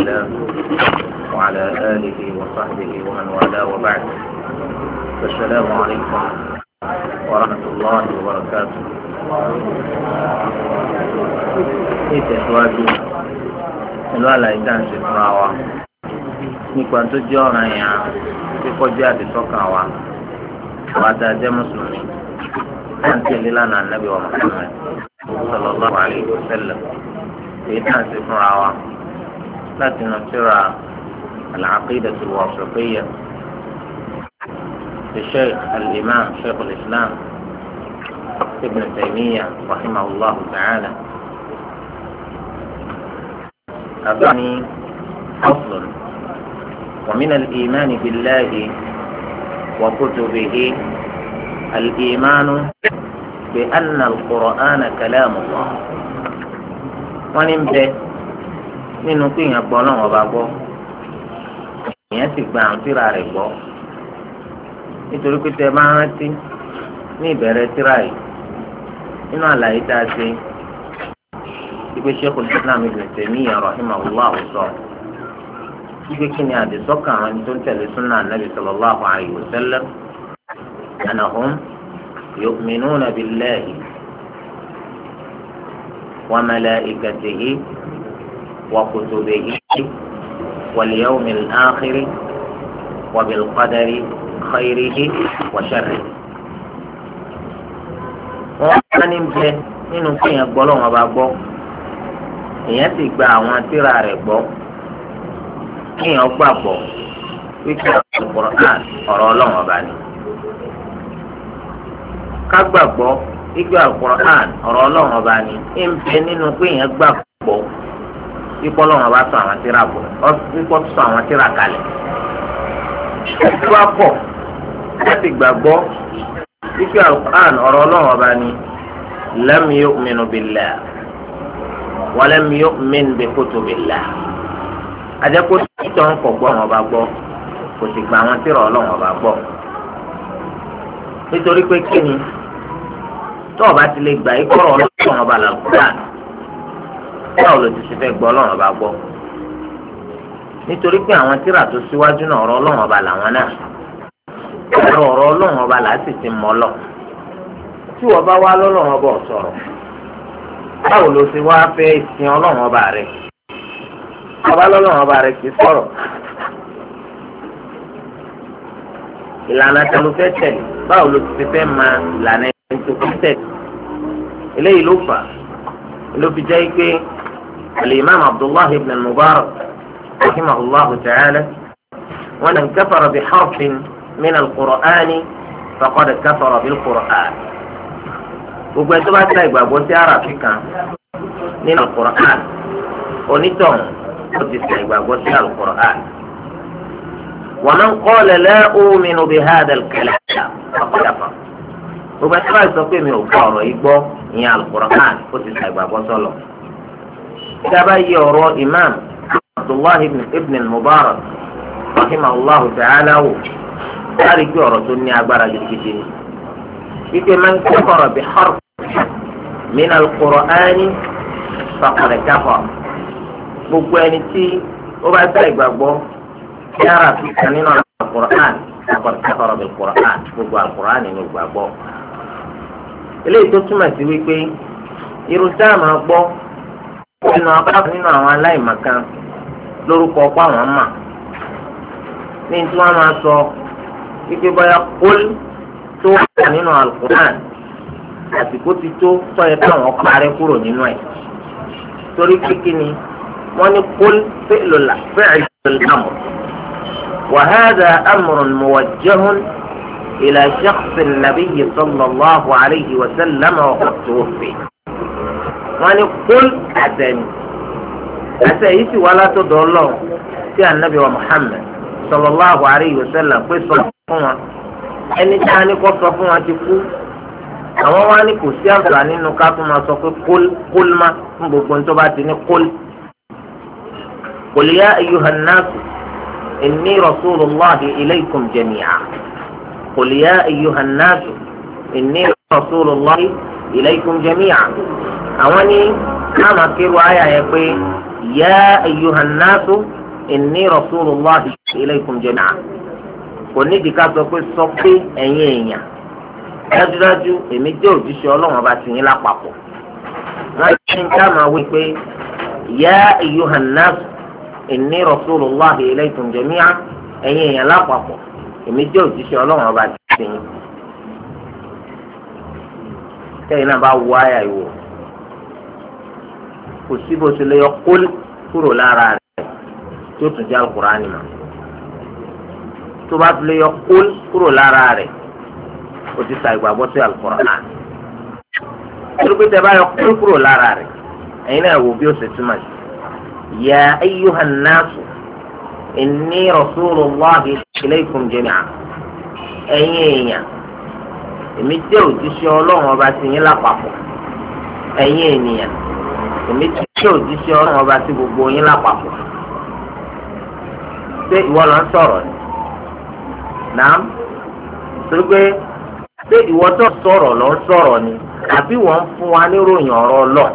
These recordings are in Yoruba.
الله وعلى آله وصحبه ومن والاه وبعد السلام عليكم ورحمة الله وبركاته ìtẹ̀síwájú pẹ̀lú àlàyé dáǹsì fúnra wa nípa tó jẹ́ ọ̀ràn yẹn kíkọ́jú àdìsọ́kàn wa wàá dáa jẹ́ mùsùlùmí wọ́n ń tẹ̀lé lánàá nàbí wa Muhammad sallallahu alayhi wa sallam èyí dáǹsì fúnra wa. لكن nà العقيدة الواسطية للشيخ الإمام شيخ الإسلام ابن تيمية رحمه الله تعالى أبني أصل ومن الإيمان بالله وكتبه الإيمان بأن القرآن كلام الله ونمته nínú pé èèyàn gbọ́ ọlọ́run ọba gbọ́ èèyàn sì gba àwọn tíra rẹ̀ gbọ́ nítorí pé tẹ bá rántí ní ìbẹ̀rẹ̀ tíra yìí nínú àlàyé tá a ṣe ìpè Sheikhul Islam Ibn Taymiyyah rahimahullah sọ ìpè kí ni àdìsọ́kàn àwọn tó ń tẹ̀lé súnà nàbì sallallahu alayhi wa sallam anahum yu'minuna billahi wa malaikatihi. وكتبه واليوم الآخر وبالقدر خيره وشره wọ́n ní bẹ nínú kéèyàn gbọ́ lọ́wọ́ bá gbọ́ èèyàn sì gba àwọn tíra rẹ̀ gbọ́ kéèyàn gbàgbọ́ wípé Al-Qur'an ọ̀rọ̀ Ọlọ́run bá ní. ká gbàgbọ́ wípé al ọ̀rọ̀ Ọlọ́run bá ní ń bẹ nínú kéèyàn gbàgbọ́ ikọ́ lọ́wọ́ bá sọ àwọn tíra bọ̀ ikọ́ sọ àwọn tíra kalẹ̀. ẹ̀sùn wa pọ̀ láti gbàgbọ́ wípé alukur'an ọ̀rọ̀ ọlọ́wọ́ bá ní lam yu'minu billah wa lam yu'min bi kutubillah. àjẹkó títọ́ ń kọ̀ gbọ́ wọn bá gbọ́ kò sì gba àwọn tíra ọlọ́wọ́ bá gbọ́. nítorí pé kí tọ́ọ̀ bá ti lè gbà ikọ́ ọlọ́wọ́ bá làkúrán báwo ló ti ṣe fẹ́ gbọ́ ọlọ́run ọba gbọ́ nítorí pé àwọn tíra tó síwájú náà ọ̀rọ̀ ọlọ́run ọba làwọn náà ẹ̀rọ ọ̀rọ̀ ọlọ́run ọba là á sì ti mọ́ lọ tí wọ́n bá wá lọ́lọ́run ọba ọ̀sọ̀rọ̀ báwo ló ṣe wá fẹ́ ìsìn ọlọ́run ọba rẹ̀ ọba lọ́lọ́run ọba rẹ̀ kì í sọ̀rọ̀ ìlànà kan fẹ́ tẹ̀lé báwo ló ti fẹ́ máa ìlànà ẹni tó fi tẹ̀lé eléyìí ló fà ló fi jẹ́ pé الإمام عبد الله بن المبارك رحمه الله تعالى ومن كفر بحرف من القرآن فقد كفر بالقرآن gbogbo ẹtọ́ bá ta ìgbàgbọ́ sí àràfin kan nínú alukur'an onítọ̀hún ó ti ta ìgbàgbọ́ sí alukur'an wa man qala la u'minu bi hadha al-kalam àkọ́yàfà gbogbo ẹtọ́ bá sọ pé mi ò gbọ́ ọ̀rọ̀ yìí gbọ́ ìyẹn alukur'an ó ti ta ìgbàgbọ́ sọ̀lọ̀ dábàá yẹ ọ̀rọ̀ imam abdullahi ibn mubarak rahimahullahu ta'ala wò láti gbé ọ̀rọ̀ tó ní agbára gidigidi ni. wípé máa ń kẹ́kọ̀ọ́ bí xọ́rọ̀ min al-Qur'ani faqad kafara gbogbo ẹni tí ó bá dá ìgbàgbọ́ kí ara kan nínú al-Qur'an faqad kafara bil Qur'an gbogbo al-Qur'an nínú ìgbàgbọ́. eléyìí tó túmọ̀ sí wípé irú táà máa gbọ́ nínú abáàbò nínú àwọn aláìmọ̀kan lórúkọ ọ̀pọ̀ àwọn mà ní tí wọ́n máa sọ wípé báyà kólú tó wà nínú alukuraan àsìkò ti tó sọyẹ káwọn parẹ́ kúrò nínú ẹ̀ torí kíkí ni wọ́n ní kólú fẹ́ẹ̀lù làmù wàhálà amúrùn mùwàjẹ́hún ìlà ṣẹ́kṣin nàbíyí sọ́lọ́láhu àlẹ́yìí wàsálàmù ọ̀kọ̀ tó fèé wọ́n ní kúl àṣẹ ni àṣẹ yìí sì wá látọ̀dọ̀ ọlọ́run sí ànábì wa Muhammad sallallahu alayhi wa sallam pé sọ fún wọn ẹni tí a ní kó sọ fún wọn ti kú àwọn wa ní kò sí àǹfààní nínú ká tó máa sọ pé kúl kúl má fún gbogbo ní tó bá ti ní kúl. Qul ya ayyuhan nas ilaykum jami'a Qul ya ayyuhan nas ilaykum jami'a. àwọn ní káàmà kéru àyà yẹn pé ya ayyuhan nasu inni rasulullahi ilaykum jami'a kò nídìí ká sọ pé sọ pé èèyàn dájúdájú èmi ọlọrun ọba tìyín ti káàmà wí pé ya ayyuhan nasu inni rasulullahi ilaykum jami'a èèyàn lápapọ̀ èmi jẹ́ òjíṣẹ́ ọlọrun ọba tìyín. tẹ́yìn náà bá wọ àyà ìwò. kò sí bó ṣe lè yọ kólé kúrò lára rẹ̀ tó tún jẹ́ alukur'ani mọ́ tó bá fi lè yọ kólé kúrò lára rẹ̀ o ti sa ìgbàgbọ́ sí alukur'ani tó pété bá yọ kólé kúrò lára rẹ̀ ẹ̀yin náà wò bí o ṣe túmọ̀ sí. ya ayyuhan nasu inni rasulullahi ilaykum jami'a ẹ̀yin èèyàn èmi jẹ́ òjíṣẹ́ ọlọ́run ọba ti yín lápapọ̀ ẹ̀yin ènìyàn. èmi tí ṣé òjíṣẹ́ ọlọ́run ọba sí gbogbo yín lápapọ̀ ṣé ìwọ lọ ń sọ̀rọ̀ ni nàá torí pé ṣé ìwọ tó sọ̀rọ̀ lọ ń sọ̀rọ̀ ni àbí wọ́n ń fún wa níròyìn ọ̀rọ̀ ọlọ́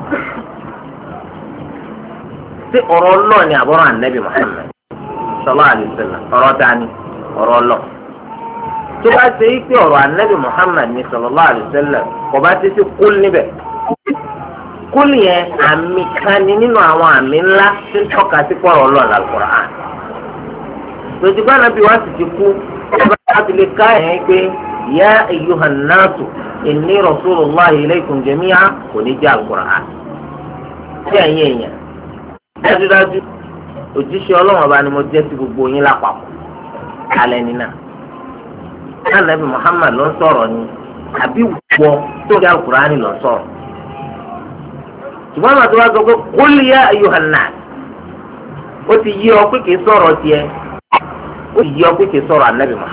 ṣé ọ̀rọ̀ ọlọ́ ni àbọ̀rọ̀ ànẹ́bí Muhammad sallallahu alaihi ọ̀rọ̀ dání ọ̀rọ̀ ọlọ́ tó bá ṣe é pé ọ̀rọ̀ ànẹ́bí Muhammad ni sallallahu alaihi kò bá ṣe é kúl kúlì yẹn àmì kan ni nínú àwọn àmì ńlá tó ń tọ́ka sí pọ̀rọ̀ ọlọ́ọ̀lá al a lòdìgbà náà bí sì ti kú ọba láti lè ká ẹ̀yìn pé yá ayyuhan nasu inni rasulullahi ilaykum jami'a kò ní jẹ́ Al-Qur'an. sí ẹ̀yìn èèyàn dájúdájú òjíṣẹ́ ọlọ́run gbogbo yín lápapọ̀ nínà. sọ̀rọ̀ ni àbí wọ́ tó ṣùgbọ́n àwọn tó wá sọ pé qul ya ayyuhan nas ó ti yí ọ pé kìí sọ̀rọ̀ tiẹ̀ ó ti yí ọ pé kìí sọ̀rọ̀ anabi muhammad.